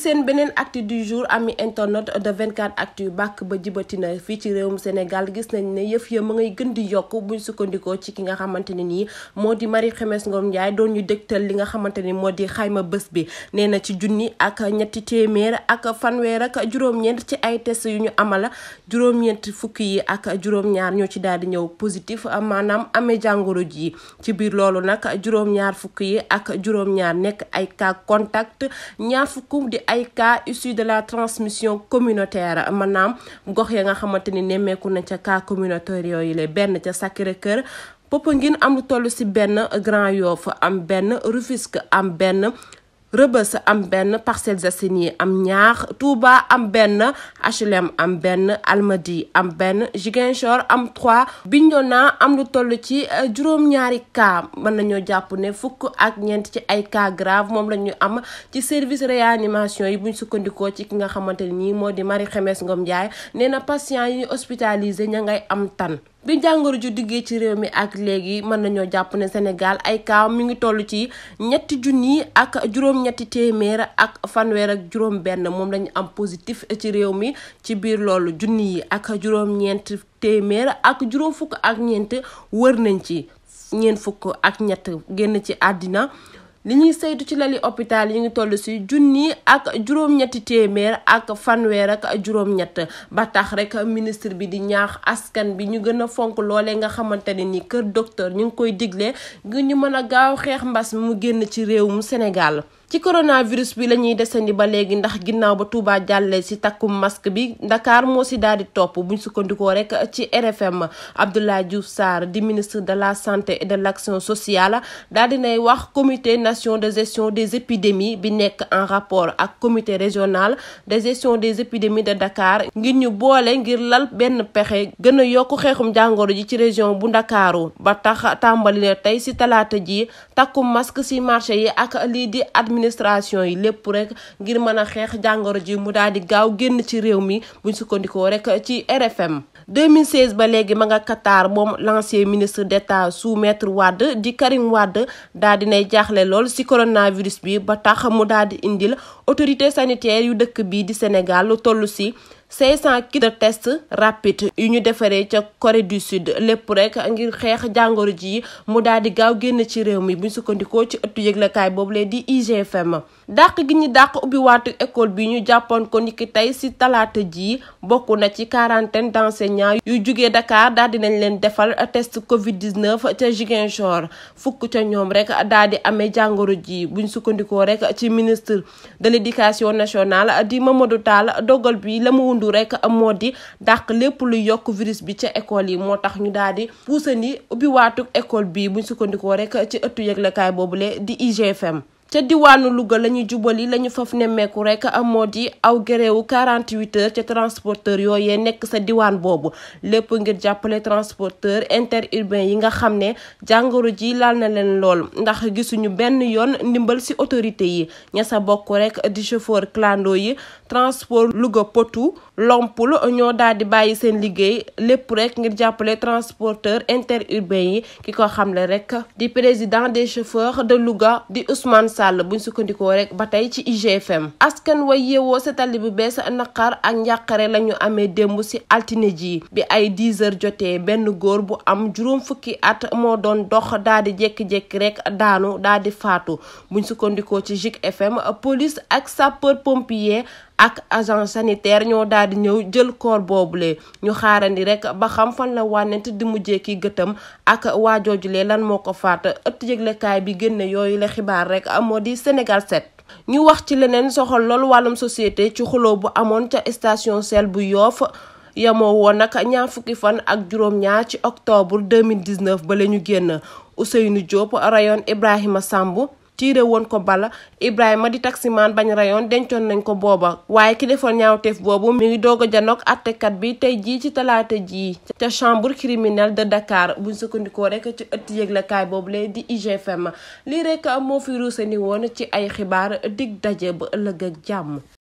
seen beneen actu du jour ami internet de 24 actu bàkk ba jibatina fii ci réewum Sénégal gis nañ ne yëf ya ma ngay gën di yokk buñ sukkandikoo ci ki nga xamante ne nii moo di mari xemees Ngom Ndiaye doon ñu dégtal li nga xamante ni moo di xayma bés bi nee na ci junni ak ñetti téeméer ak fanweer ak juróom-ñeent ci ay test yu ñu amala juróom-ñeent fukki yi ak juróom-ñaar ñoo ci daal di ñëw positif maanaam amee jàngoro ji ci biir loolu nag juróom-ñaar yi ak juróom nekk ay cas contact ñaar fukk di ay cas issus de la transmission communautaire maanaam gox ya nga xamante ni nemmeeku na ca cas communautaire yooyu benn ca Sacré-Cœur Popenguine am lu toll ci benn Grand Yoff am benn Rufisque am benn Rebeuss am benn Parcelles Assainies am ñaar Touba am benn HLM am benn Almadies am benn Ziguinchor am trois Bignona am lu toll ci euh, juróom-ñaari cas mën nañoo jàpp ne fukk ak ñeent ci ay cas grave moom la ñu am ci service réanimation yi buñ sukkandikoo ci ki nga xamante ni moo di mari Khemesse Ngom Ndiaye nee na patient yi hospitalisé ña ngay am tan bi jàngoro ju diggee ci réew mi ak léegi mën nañoo jàpp ne Sénégal ay cas mi ngi toll ci ñetti junni ak juróom-ñetti téeméer ak fanweer ak juróom-benn moom lañu am positif ci réew mi ci biir loolu junni yi ak juróom-ñeent téeméer ak juróom fukk ak ñeent wër nañ ci ñeent fukk ak ñett génn ci àddina li ñuy saytu ci lali hôpital yi ngi toll si junni ak juróom-ñetti téeméer ak fanweer ak juróom-ñett ba tax rek ministre bi di ñaax askan bi ñu gën a fonk loolee nga xamante ne ni kër docteur ñu ngi koy digle ngir ñu mën a gaaw xeex mbas mu génn ci réew mu Sénégal ci coronavirus bi la ñuy desandi ba léegi ndax ginnaaw ba Touba jàllee si takkum masque bi ndakaar moo ci daal di topp buñ sukkandikoo rek ci RFM Abdoulaye Diouf Sarr di ministre de la santé et de l'action sociale daal dinay wax comité nation de gestion des épidémies bi nekk en rapport ak comité régional de gestion des épidémies de Dakar ngir ñu boole ngir lal benn pexe gën a yokk xeexum jàngoro ji ci région bu Ndakaaru ba tax tàmbali na tey si talaata ji administration yi lépp rek ngir mën a xeex jàngoro ji mu daal di gaaw génn ci réew mi buñ sukkandikoo rek ci RFM 2016 ba léegi ma nga Qatar moom l'ancien ministre d'État sous Maître wadd di Karim Wade daal nay jaaxle lool si coronavirus bi ba tax mu daal di indil autorité sanitaire yu dëkk bii di Sénégal lu toll si 500 kits de test rapide yu ñu defaree ca Corée du Sud lépp rek ngir xeex jàngoro ji mu daal di gaaw génn ci réew mi bu ñu sukkandikoo ci ëttu yëglekaay boobu lee di IGFM. dàq gi ñu dàq ubbiwaatu école bi ñu jàppoon ko niki tey ci talaata ji bokk na ci quarantaine d'enseignants yu jugee Dakar daal di leen defal test Covid 19 ca Ziguinchor fukk ca ñoom rek daal di amee jàngoro ji buñ sukkandikoo rek ci ministre de l'éducation nationale di Mamadou taal dogal bi la mu wundu rek moo di dàq lépp lu yokk virus bi ca école yi moo tax ñu daal di puusani ubbiwaatu école bi buñ sukkandikoo rek ci ëttu yëglekaay boobule di IGFM. ca diwaanu Louga la jubal yi la ñu faf nemmeeku rek moo di aw gréewu 48 heures ca transporteur yooyee nekk sa diwaan boobu lépp ngir jàppale transporteur interurbain yi nga xam ne jàngoro ji laal na leen lool ndax gisuñu benn yoon ndimbal ci autorité yi ña sa bokk rek di chauffeur clando yi transport Louga potu Lompul ñoo daal di bàyyi seen liggéey lépp rek ngir jàppale transporteur inter interurbain yi ki ko xamle rek di président des chauffeurs de Louga di Ousmane Sall buñ sukkandikoo rek ba tey ci IGFM askan way yeewoo setali bu bees naqar ak njàqare la ñu amee démb ci altine ji bi ay 10 heures jotee benn góor bu am juróom fukki at moo doon dox daal di jékki-jékki rek daanu daal di faatu buñ sukkandikoo ci JIC FM police ak sapeur pompier. ak agent sanitaire ñoo daal di ñëw jël boobu boobule ñu xaarandi rek ba xam fan la wànnent di mujjee kii gëtam ak waajoojulee lan moo ko faat ëtt yëglekaay bi génne yooyu la xibaar rek moo di Sénégal set ñu wax ci leneen soxal loolu wàllum société ci xuloo bu amoon ca estation sel bu yoof yamoo woon nag ñaar fukki fan ak juróom-ñaar ci octobre 2019 ba la ñu génn nu Diop rayoon Ibrahima Samb tiire woon ko bala Ibrahima di taximaan bañ rayoon dencoon nañ ko booba waaye ki defoon ñaawteef boobu mi ngi doog a janook àttekat bi tey jii ci talaata jii ca chambre criminale de dakaar buñ sukkandikoo rek ci ëtt yëglekaay boobu lee di IGFM lii rek moo fi ni woon ci ay xibaar dig daje ba ëllëg ak jàmm